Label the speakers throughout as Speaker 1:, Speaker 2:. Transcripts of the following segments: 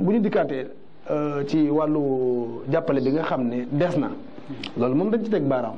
Speaker 1: bu ñu dikkaatee euh, ci wàllu jàppale bi nga xam ne des na loolu moom dañ ci teg baaraam.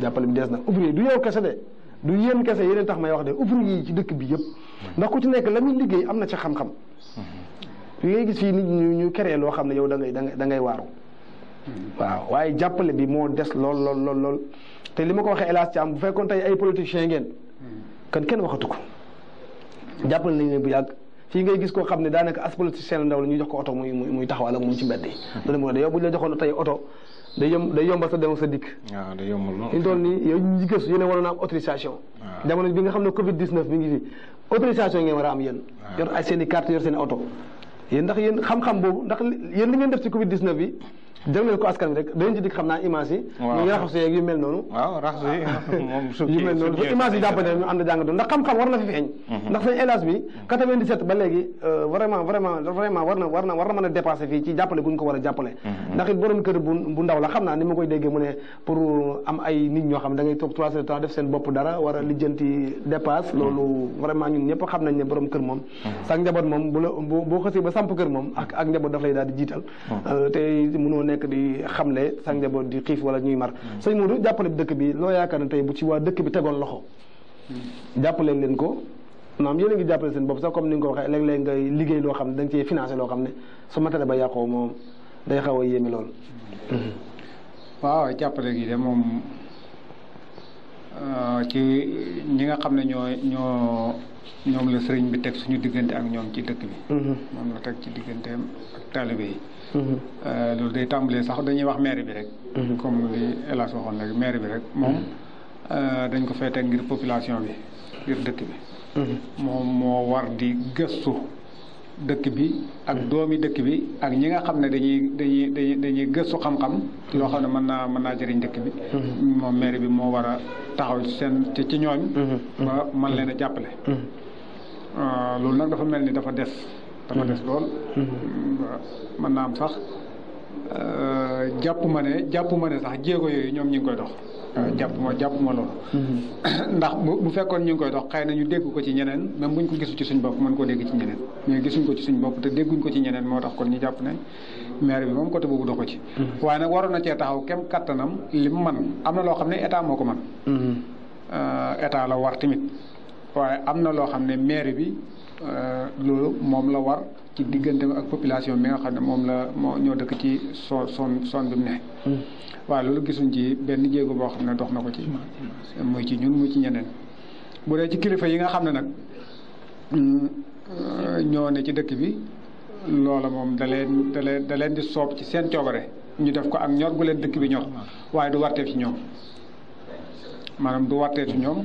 Speaker 1: jàppale bi des na ouvrier du yow kese de du yéen kese yéen tax may wax de ouvrier yi ci dëkk bi yëpp ndax ku ci nekk la muy liggéey am na ci xam-xam. fi ngay gis fii ñu ñu créé loo xam ne yow da ngay da ngay waaru. waaw waaye jàppale bi moo des lool lool lool lool te li ma ko waxee hélas ci am bu fekkoon tey ay politiciens ngeen. kan kenn waxatu ko jàppale nañ leen bu yàgg. fii ngay gis koo xam ne daanaka as politicien ndaw la jox ko oto muy muy taxawal ak moom ci mbedd yi. Hmm. loolu mooy yow tey oto day yombal sa dem sa dikk.
Speaker 2: waaw ah,
Speaker 1: nii yow ñu gëstu yéen a waroon a am autorisation. Ah. jamono bi nga xam ne Covid 19 mi ngi fi autorisation ngeen war a am yéen. Ah. yor ay seen i carte yor seen i oto ndax yéen xam-xam boobu ndax yéen li ngeen def ci Covid 19 bi jagleel ko askan bi rek dañu ci dikk xam naa image yi ñu raxasu yeeg yu mel noonu raxasu yi yu mel noonu su image yi na fi mhm. euh, na war na war na mën a dépassé fii jàppale guñ ko war a jàppale mhm. ndax it borom kër bu ndaw la xam naa ni ma koy déggee mu ne pour am ay nit ñoo xam ne da ngay toog def seen bopp dara war a lijjanti dépasse mhm. loolu vraiment ñun ñëpp xam nañ ne borom kër moom sax njaboot moom bu la boo xësee ba samp kër moom ak ak daf lay daal di jiital euh, te mënoo nekk di xamle sa njaboot di xiif wala ñuy mar sëñ Modou jàppale bi dëkk bi loo yaakaar ne tey bu ci waa dëkk bi tegoon loxo jàppaleen leen ko maanaam yéen a ngi jàppale seen bopp sax comme ni nga ko waxee léeg-léeg ngay liggéey loo xam ne da nga cee loo
Speaker 3: xam ne su matériel ba yàqoo moom day xaw a yéeme lool waaw jàppale gi de moom Euh, ci ñi nga xam ne ñoo ñoo ñoom la sëriñ bi teg suñu diggante ak ñoom ci dëkk bi. Mhm. moom la teg ci digganteem ak taalibe yi. Mhm. Euh, loolu day tàmbalee sax dañuy wax maire bi rek. Mhm. comme li El waxoon rek maire bi rek moom euh, dañ ko fay ngir population bi ngir dëkk bi. moom moo war di gëstu. dëkk bi ak doomi dëkk bi ak ñi nga xam ne dañuy dañuy dañuy dañuy gëstu xam-xam yoo xam ne mën naa mën naa jëriñ dëkk bi mm-hmm. moom maire bi moo war a taxaw seen ci ci ñooñ mm-hmm. ba man leen a jàppale mm-hmm. euh, loolu nag dafa mel ni dafa des dafa des lool mën naa sax Euh, jàpp ma ne jàpp ma ne sax jéego yooyu ñoom ñu ngi koy dox. Euh, jàpp ma jàpp ma loolu. Mm-hmm. ndax bu bu fekkoon ñu ngi koy dox xëy na ñu dégg ko ci ñeneen même buñ ko gisu ci suñ bopp mën koo dégg ci ñeneen mais gisuñ ko ci suñ bopp te dégguñ ko ci ñeneen moo tax kon ñu jàpp ne maire bi moom côté boobu ko ci. Mm-hmm. waaye nag waroon na cee taxaw kem kattanam li mu man am na loo xam ne état moo ko man mm-hmm. euh, état la war tamit waaye am na loo xam ne maire bi loolu moom la war. ci diggante ak population bi nga xam ne moom la moo ñoo dëkk ci son son son bi mu ne. Hmm. waaw loolu gisuñ ci benn jéego boo xam ne dox na ko ci. muy ci ñun muy ci ñeneen. bu dee ci kilifa yi nga xam ne nag hmm, ñoo ne ci dëkk bi loola moom da leen da leen di soob ci seen coobare ñu def ko ak ñor gu leen dëkk bi ñor waaye du warteef ci ñoom maanaam du warteef ci ñoom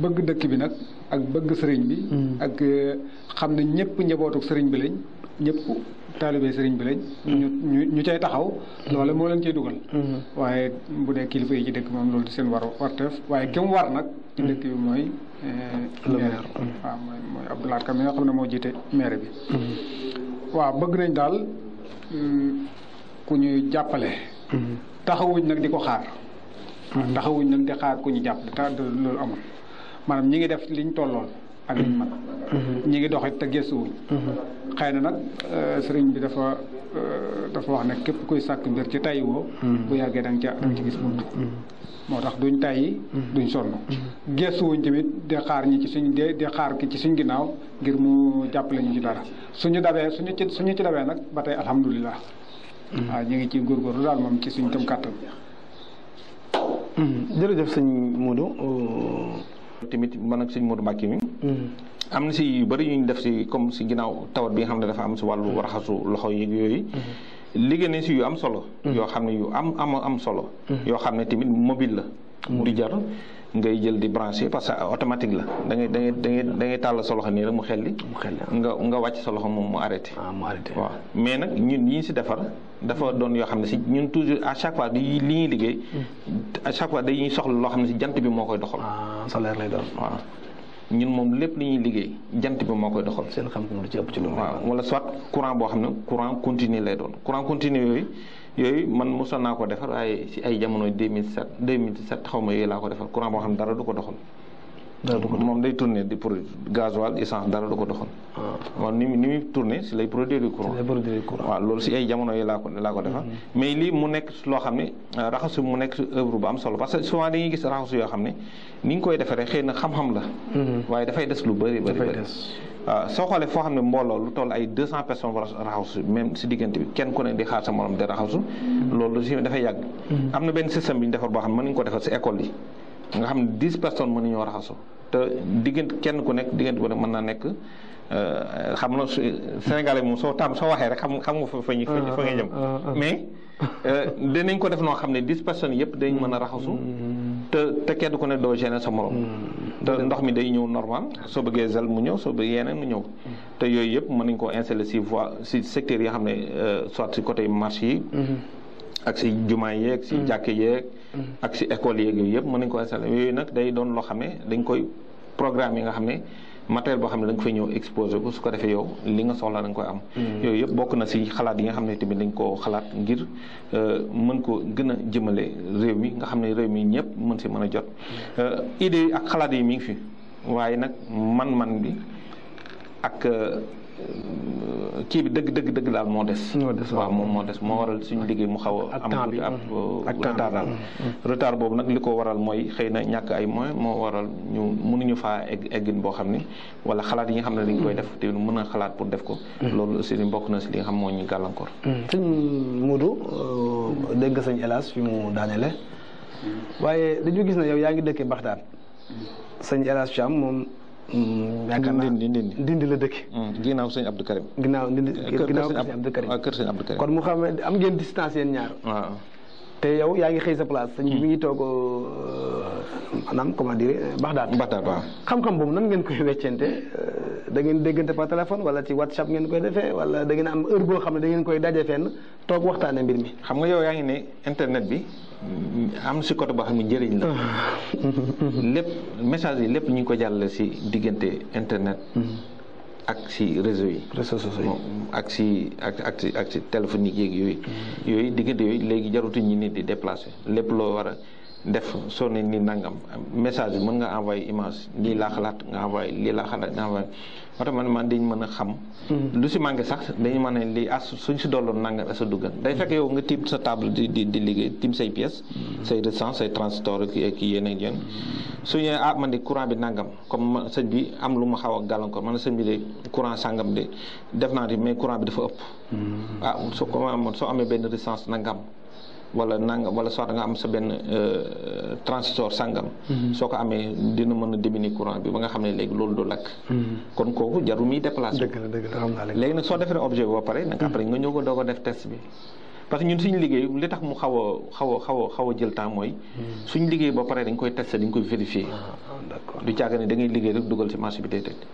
Speaker 3: bëgg dëkk bi nag. ak bëgg sëriñ bi. Mm. ak euh, xam ne ñëpp njabootu sëriñ bi lañ ñëpp taalibe sëriñ bi lañ. Mm. ñu ñu ñu cay taxaw. Mm. loole moo leen cay dugal. waaye bu dee kilifa yi ci dëkk moom loolu di seen war warteef waaye ki mu war nag. ci dëkk bi euh, nga xam ne moo jiite maire bi. waaw bëgg nañ daal ku ñuy jàppale. taxawuñ nag di ko xaar. taxawuñ nag di xaar ku ñu jàpp loolu amul. maanaam ñi ngi def liñ tolloon ak liñ man mm-hmm. ñi ngi doxit te gëstuwuñ mm-hmm. xëy na nag euh, sëriñ bi dafa euh, dafa wax ne képp kuy sàkk mbir ci tay woo mm-hmm. bu yàggee da ca da ci gis bunt moo tax duñ tayyi duñ sonn gëstuwuñ tamit di xaar ñi ci suñ di di ci suñ ginnaaw ngir mu jàppale ñu dara suñu dabee suñu ci suñu ci dabee nag ba tey alhamdulilah waaw ñu ngi ci góorgóorlu daal moom ci suñ tam kàttan
Speaker 1: jërëjëf sëñ Modou tamit
Speaker 2: man ak sëñ Modou Mbacke mi mm-hmm. am na si yu bëri yu ñu def si comme si ginnaaw tawat bi nga xam ne dafa am si wàllu mm-hmm. raxasu loxo yooyu mm-hmm. liggéey nañ si yu am solo yoo xam ne yu am solo yoo xam ne tamit mobile la mu di jar ngay jël di branché parce que automatique la da ngay da ngay da ngay da sa loxo nii rek mu xelli. mu xelli nga nga wàcc sa loxo moom mu arrêté. ah mu arrêté waaw mais nag ñun si defar dafa doon yoo xam ne si ñun toujours à chaque fois di li ñuy liggéey. à chaque fois dañuy soxla loo xam ne si jant bi moo koy doxal. ah solaire lay doon waaw. ñun moom lépp li ñuy liggéey jant bi moo koy doxal. seen xam-xam lu ci ëpp ci loolu. waaw wala soit courant boo xam ne courant continu lay doon courant continu yooyu. yooyu man mosoon naa ko defar waaye si ay jamono 2007 2007 xaw ma yooyu laa ko defar courant boo xam ne dara du ko doxal. dara du ko moom day tourner di produire gasoil essence dara du ko doxal. Ah. waaw ni muy ni muy tourner si lay produire du courant. loolu si ay jamono yooyu laa ko laa ko defar. Mm-hmm. mais lii mu nekk loo xam ne euh, raxasu mu nekk œuvre bu am solo parce que souvent dañuy gis raxasu yoo xam ne ni koy defaree xëy na xam-xam la. Mm-hmm. waaye dafay des lu bëri bëri bëri. Euh, soo xoolee foo xam ne mbooloo lu toll ay 200 personnes war a raxasu même si diggante bi kenn ku ne di xaar sa morom di raxasu mm-hmm. loolu si dafay yàgg. Mm-hmm. am na benn système bi ñu defar boo xam ne mën ko defar si école yi nga xam ne 10 personnes mën nañoo diggante kenn ku nekk diggante bu ne mën naa nekk. Euh, xam na Sénégalais moom soo taam soo waxee rek xam xam nga fa fa ñu fa nga jëm ah, ah, ah, mais euh, dinañ ko def noo xam ne dix personnes yëpp dañ mën a raxasu mm-hmm. te te kenn ku ne doo gêner sa morom ndox mi day ñëw normal soo bëggee zel mu ñëw soo bëggee yeneen mu ñëw te yooyu yëpp mën nañ koo installer si voie si secteur yi xam ne euh, soit si côté marché yi mm-hmm. ak si jumaa yeeg si mm-hmm. jàkk yeeg mm-hmm. ak si école yeeg yooyu yëpp mën nañ ko installer yooyu nag day doon loo xam ne dañ koy programme yi nga xam ne matériel boo xam ne da nga fay ñëw exposé ko su ko defee yow li nga soxla da koy am. Hmm. yooyu yëpp bokk na si xalaat yi nga xam ne tamit dañ koo xalaat ngir euh, mën ko gën a jëmale réew mi nga xam ne réew mi ñëpp mën si mën a jot. Hmm. Euh, idée ak xalaat yi mi ngi fi waaye nag man-man bi ak. Euh, Euh, kii bi dëgg dëgg dëgg daal moo des. moo waaw moom moo des moo waral suñu liggéey mu xaw a. am euh, ak mm-hmm. Mm-hmm. retard boobu nag li ko waral mooy xëy na ñàkk ay moyens moo waral ñu mënuñu faa egg eggin boo xam ni wala xalaat yi xam ne dañ koy def te mën na xalaat pour def ko. Mm-hmm. loolu aussi bokk na si li xam moo ñu gàllankoor.
Speaker 1: sëñ Modou euh, dégg nga sëñ El Hadj fi mu daanele waaye dañu gis ne yow yaa ngi dëkkee Baxdaad sëñ El Hadj Thiam moom. Hmm, yaakaar naa ndindi ndindi la dëkk. Hmm, ginnaaw sëñ Abdou Karim. ginnaaw ndindi ginnaaw kër sëñ Abdou Karim. kër sëñ Abdou Karim kon mu xam am ngeen distance yéen ñaar. te yow yaa ngi xëy sa place. Hmm. sëñ bi mi ngi toog euh, maanaam comment dire baxdaat. Euh, baxdaat waaw xam-xam boobu nan ngeen koy weccente euh, da ngeen déggante par téléphone wala ci whatsapp ngeen koy defee wala dangeen ngeen am heure boo xam ne dangeen koy daje fenn toog waxtaane mbir mi. xam nga yow yaa ngi ne internet bi
Speaker 2: am si côté boo xam ne njëriñ la. lépp message yi lépp ñu ngi ko jàllale si diggante internet. Hmm. ak si réseau yi. réseaux sociaux yi ak si ak ak ak si téléphonique yeeg yooyu. Mm. yooyu diggante yooyu léegi jarutuñ ñi nit di déplacé lépp loo war a. def soo ne nii nangam message bi mën nga envoyé image lii laa xalaat nga envoyé lii laa xalaat nga envoyé automatiquement dañ mën a xam hmm. lu si manqué sax dañu mën a lii as suñ si dolloon nangam asa duggan day fekk yow nga tiim sa table di liggéey tiim say pièces hmm. say recens say transitor ki yéen ak yéen hmm. su ah man de courant bi nangam comme sëñ bi am lu ma xaw a gàllankoor man sëñ bi de courant sàngam de def naa di mais courant bi dafa ëpp ah soo comme soo amee benn recens nangam wala nangam wala soit nga am sa benn euh, transistor sangam. Mm-hmm. soo ko amee dina mën a diminuer courant bi ba nga xam ne léegi loolu du lakk. Mm-hmm. kon kooku jaru muy déplacé.
Speaker 1: dëgg la dëgg la xam léegi
Speaker 2: nag soo defee objet bi ba pare. nag mm-hmm. après nga ñëw ko doog a def test bi. parce que ñun suñu liggéey li tax mu xaw a xaw a a jël temps mooy. Hmm. suñu liggéey ba pare dañ koy testé dañ koy vérifié. Ah, ah, du caaga ne da ngay liggéey rek dugal ci marché bi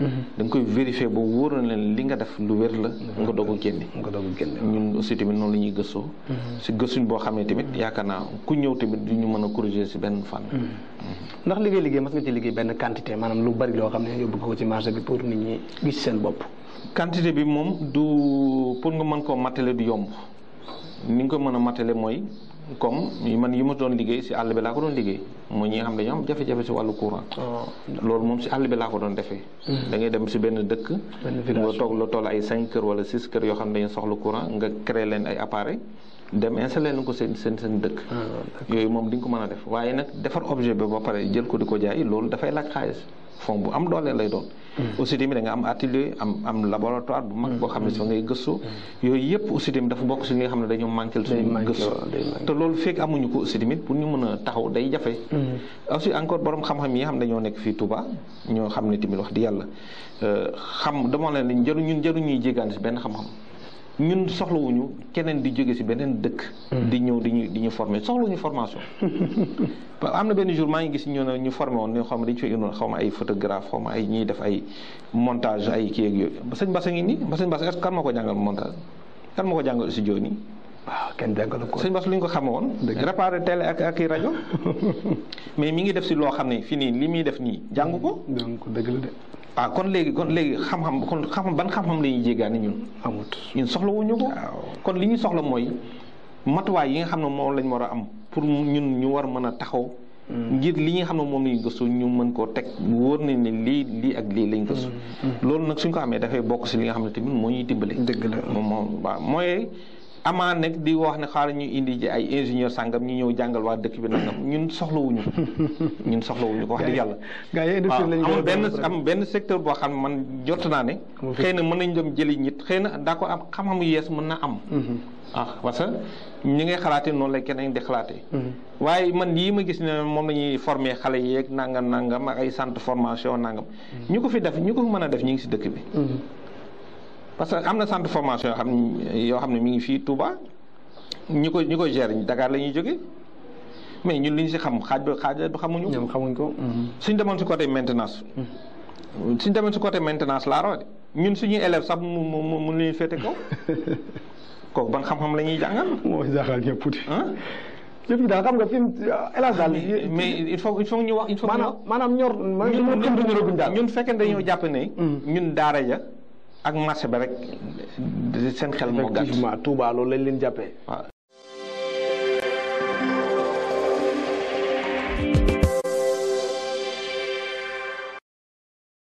Speaker 2: hmm. day koy vérifié ba wóor na leen li nga def lu wér la. Hmm. nga doog a génne nga doog a génne ñun aussi tamit noonu la ñuy gëstoo. si gëstuñ boo xamee tamit yaakaar naa
Speaker 1: ku ñëw tamit du ñu mën a corriger si benn fànn. ndax li ngay liggéey mas nga ci liggéey benn quantité maanaam lu bari loo xam ne yóbbu ko ci marché bi pour nit ñi gis seen bopp. quantité bi moom
Speaker 2: du pour nga mën koo matale du yomb ni nga ko mën a matale mooy comme man yi ma doon liggéey si àll bi laa ko doon liggéey moo ñi nga xam ne dañoo am jafe-jafe si wàllu courant. Oh. loolu moom si àll bi laa ko doon defee. Mm-hmm. dangay dem si benn dëkk. nga toog la toll ay cinq kër wala six kër yoo xam ne dañu soxla courant nga créé leen ay appareil dem installé leen ko seen seen seen dëkk. Ah, yooyu moom di nga ko mën a def waaye nag defar objet bi ba pare jël ko di ko jaay loolu dafay laaj xaalis. fond bu am doolee lay doon. Mm. aussi tamit da nga am atelier am am laboratoire bu mag mm. boo xam ne si fa ngay gëstu. Mm. yooyu yëpp aussi dem dafa bokk si nga xam ne dañoo manqué suñu gëstu te loolu fekk amuñu ko aussi tamit pour ñu mën a taxaw day jafe. aussi encore borom xam-xam yi nga xam dañoo nekk fii tuba ñoo xam ne tamit wax di yàlla euh, xam dama leen ne njëriñ ñun njëriñ ñuy jéggaan si benn xam-xam. ñun soxlawuñu keneen di jóge ci beneen dëkk. Hmm. di ñëw di ñu di ñu former soxlawuñu formation. am na benn jour maa ngi gis ñu ne ñu formé woon xaw ma dañu fay xaw ma ay photographe xaw ma ay ñuy def ay montage ay kii ak yooyu sëñ ngi nii sëñ Basse est kan ma ko jàngal montage kan ma ko si studio nii. waaw kenn jàngalu ko sëñ Basse lu ñu ko xame woon. réparé télé ak ak rajo mais mi ngi def si loo xam ne fii nii li muy def nii jàng ko. jàng ko dëgg ah kon léegi kon léegi xam-xam kon xam ban xam-xam la ñuy jéggaani ñun. amut ñun soxlawuñu ko. kon li ñuy soxla mooy matuwaay yi nga xam ne moom lañ war a am pour ñun ñu war mën a taxaw. Mm. ngir li nga xam ne moom lañu gëstu ñu mën koo teg wóor nañ ne lii lii ak lii lañ gëstu. Mm. Mm. loolu nag suñ ko amee dafay bokk si li nga xam ne tamit moo ñuy dimbale. dëgg la moom moom amaa nag di wax ne xaaral ñu indi ji ay ingénieur sàngam ñu ñëw jàngal waa dëkk bi nangam ñun soxlawuñu ñun soxlawuñu ko wax dëgg yàlla am benn am benn secteur boo xam ne man jot naa ne xëy na mën nañ dem jëli ñit xëy na daa ko am xam mu yees mën na am mhm. ah parce que ñi ngay xalaatee noonu la kenn di xalaatee mhm. waaye man yii ma gis ne moom la ñuy formé xale yeeg nangam nangam ay sant formation nangam mhm. ñu ko fi def ñu ko mën a def ñu ngi si dëkk bi parce que am na centre formation yoo xam yoo xam ne mi ngi fii Touba ñu ko ñi ko gérer Dakar la ñuy jóge mais ñun li si xam xaaj ba xaaj xamuñu. ñoom xamuñ ko. Mm-hmm. suñ demoon si côté maintenance. Mm-hmm. suñ demoon si côté maintenance laa raw ñun suñu élèves sax mu mu mu mu leen féete kaw kooku ban xam-xam la ñuy jàngal.
Speaker 1: moo jaaxal ñëpp tuuti.
Speaker 2: lépp bi daal xam nga ah, mais il faut il faut ñu wax maanaam
Speaker 1: maanaam ñor. ñun
Speaker 2: ñun ñun fekkee dañoo jàpp ne. Mm-hmm. ñun daara ja. ak marché ba rek
Speaker 1: seen xel moo gàtt effectivement Touba loolu lañ leen jàppee.